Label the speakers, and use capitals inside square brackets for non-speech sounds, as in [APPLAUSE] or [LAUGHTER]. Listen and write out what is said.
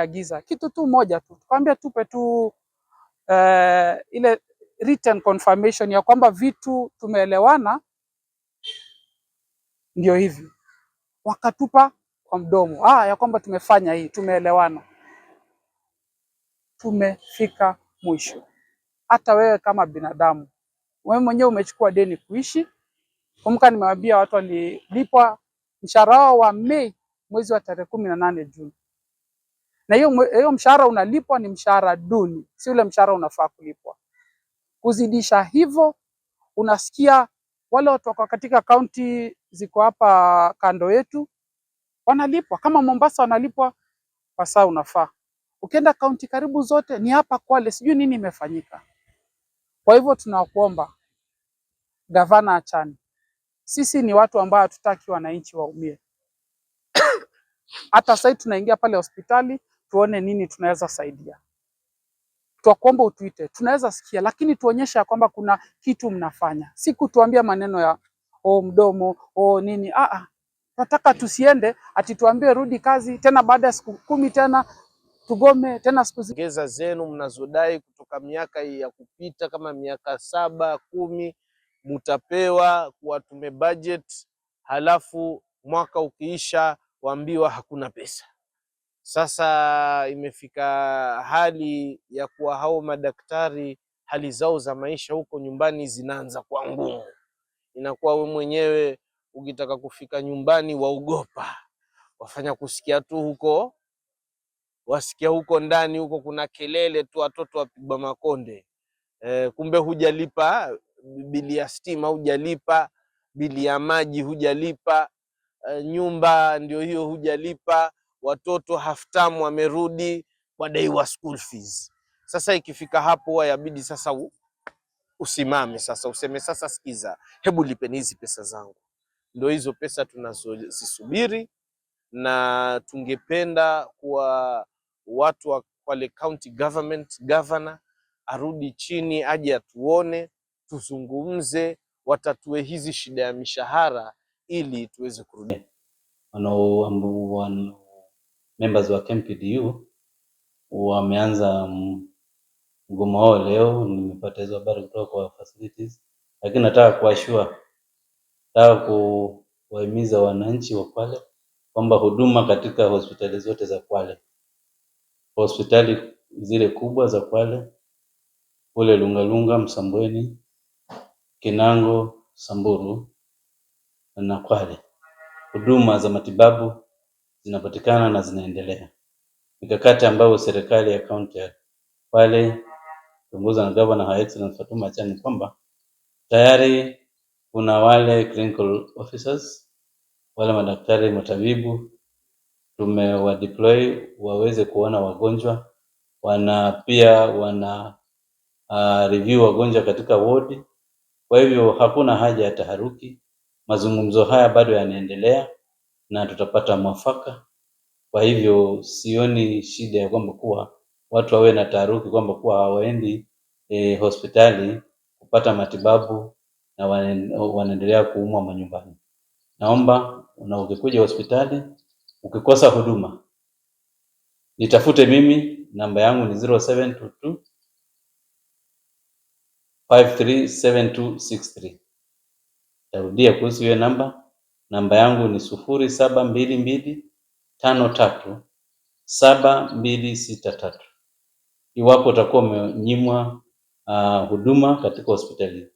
Speaker 1: Agiza kitu tu moja tu, tukaambia tupe tu uh, ile written confirmation ya kwamba vitu tumeelewana, ndio hivi. Wakatupa kwa mdomo ah, ya kwamba tumefanya hii, tumeelewana, tumefika mwisho. Hata wewe kama binadamu, wewe mwenyewe umechukua deni kuishi. Kumbuka nimewambia watu walilipwa mshahara wao wa Mei mwezi wa tarehe kumi na nane Juni na hiyo hiyo mshahara unalipwa ni mshahara duni, si ule mshahara unafaa kulipwa. Kuzidisha hivyo, unasikia wale watu wako katika kaunti ziko hapa kando yetu wanalipwa kama Mombasa wanalipwa kwa saa unafaa. Ukienda kaunti karibu zote ni hapa Kwale, sijui nini imefanyika. Kwa hivyo tunakuomba gavana achani, sisi ni watu ambao hatutaki wananchi waumie. [COUGHS] Hata sasa tunaingia pale hospitali tuone nini tunaweza saidia. Twakuomba utuite, tunaweza sikia, lakini tuonyesha kwamba kuna kitu mnafanya, si kutuambia maneno ya o oh, mdomo o oh, nini. Aa, nataka tusiende ati tuambie rudi kazi tena, baada ya siku kumi tena tugome tena siku
Speaker 2: zingeza zenu mnazodai kutoka miaka ya kupita kama miaka saba kumi, mutapewa kuwa tume budget, halafu mwaka ukiisha waambiwa hakuna pesa. Sasa imefika hali ya kuwa hao madaktari hali zao za maisha huko nyumbani zinaanza kuwa ngumu, inakuwa we mwenyewe ukitaka kufika nyumbani waogopa, wafanya kusikia tu huko, wasikia huko ndani huko kuna kelele tu, watoto wapigwa makonde e, kumbe hujalipa bili ya stima, hujalipa bili ya maji, hujalipa e, nyumba ndio hiyo hujalipa watoto half term wamerudi, wadaiwa school fees. Sasa ikifika hapo yabidi sasa u, usimame sasa useme sasa, sikiza, hebu lipeni hizi pesa zangu. Ndio hizo pesa tunazozisubiri, na tungependa kuwa watu wa Kwale County Government, governor arudi chini aje atuone, tuzungumze, watatue hizi shida ya mishahara ili tuweze kurudi.
Speaker 3: wanao members wa KMPDU wameanza mgomo wao leo. Nimepata hizo habari kutoka kwa facilities, lakini nataka kuashua, nataka kuwahimiza wananchi wa Kwale kwamba huduma katika hospitali zote za Kwale, hospitali zile kubwa za Kwale kule Lungalunga, Msambweni, Kinango, Samburu na Kwale, huduma za matibabu zinapatikana na zinaendelea. Mikakati ambayo serikali ya kaunti ya Kwale na gavana Her Excellency Fatuma Achani kwamba tayari kuna wale clinical officers, wale madaktari matabibu tumewadeploy waweze kuona wagonjwa, wana pia wana uh, review wagonjwa katika wodi. Kwa hivyo hakuna haja ya taharuki, mazungumzo haya bado yanaendelea na tutapata mwafaka. Kwa hivyo sioni shida ya kwamba kuwa watu wawe na taharuki kwamba kuwa hawaendi e, hospitali kupata matibabu na wanaendelea kuumwa manyumbani. Naomba na ukikuja hospitali ukikosa huduma nitafute mimi, namba yangu ni 0722 537263. Tarudia kuhusu hiyo namba Namba yangu ni sufuri saba mbili mbili tano tatu saba mbili sita tatu. Iwapo utakuwa umenyimwa uh, huduma katika hospitali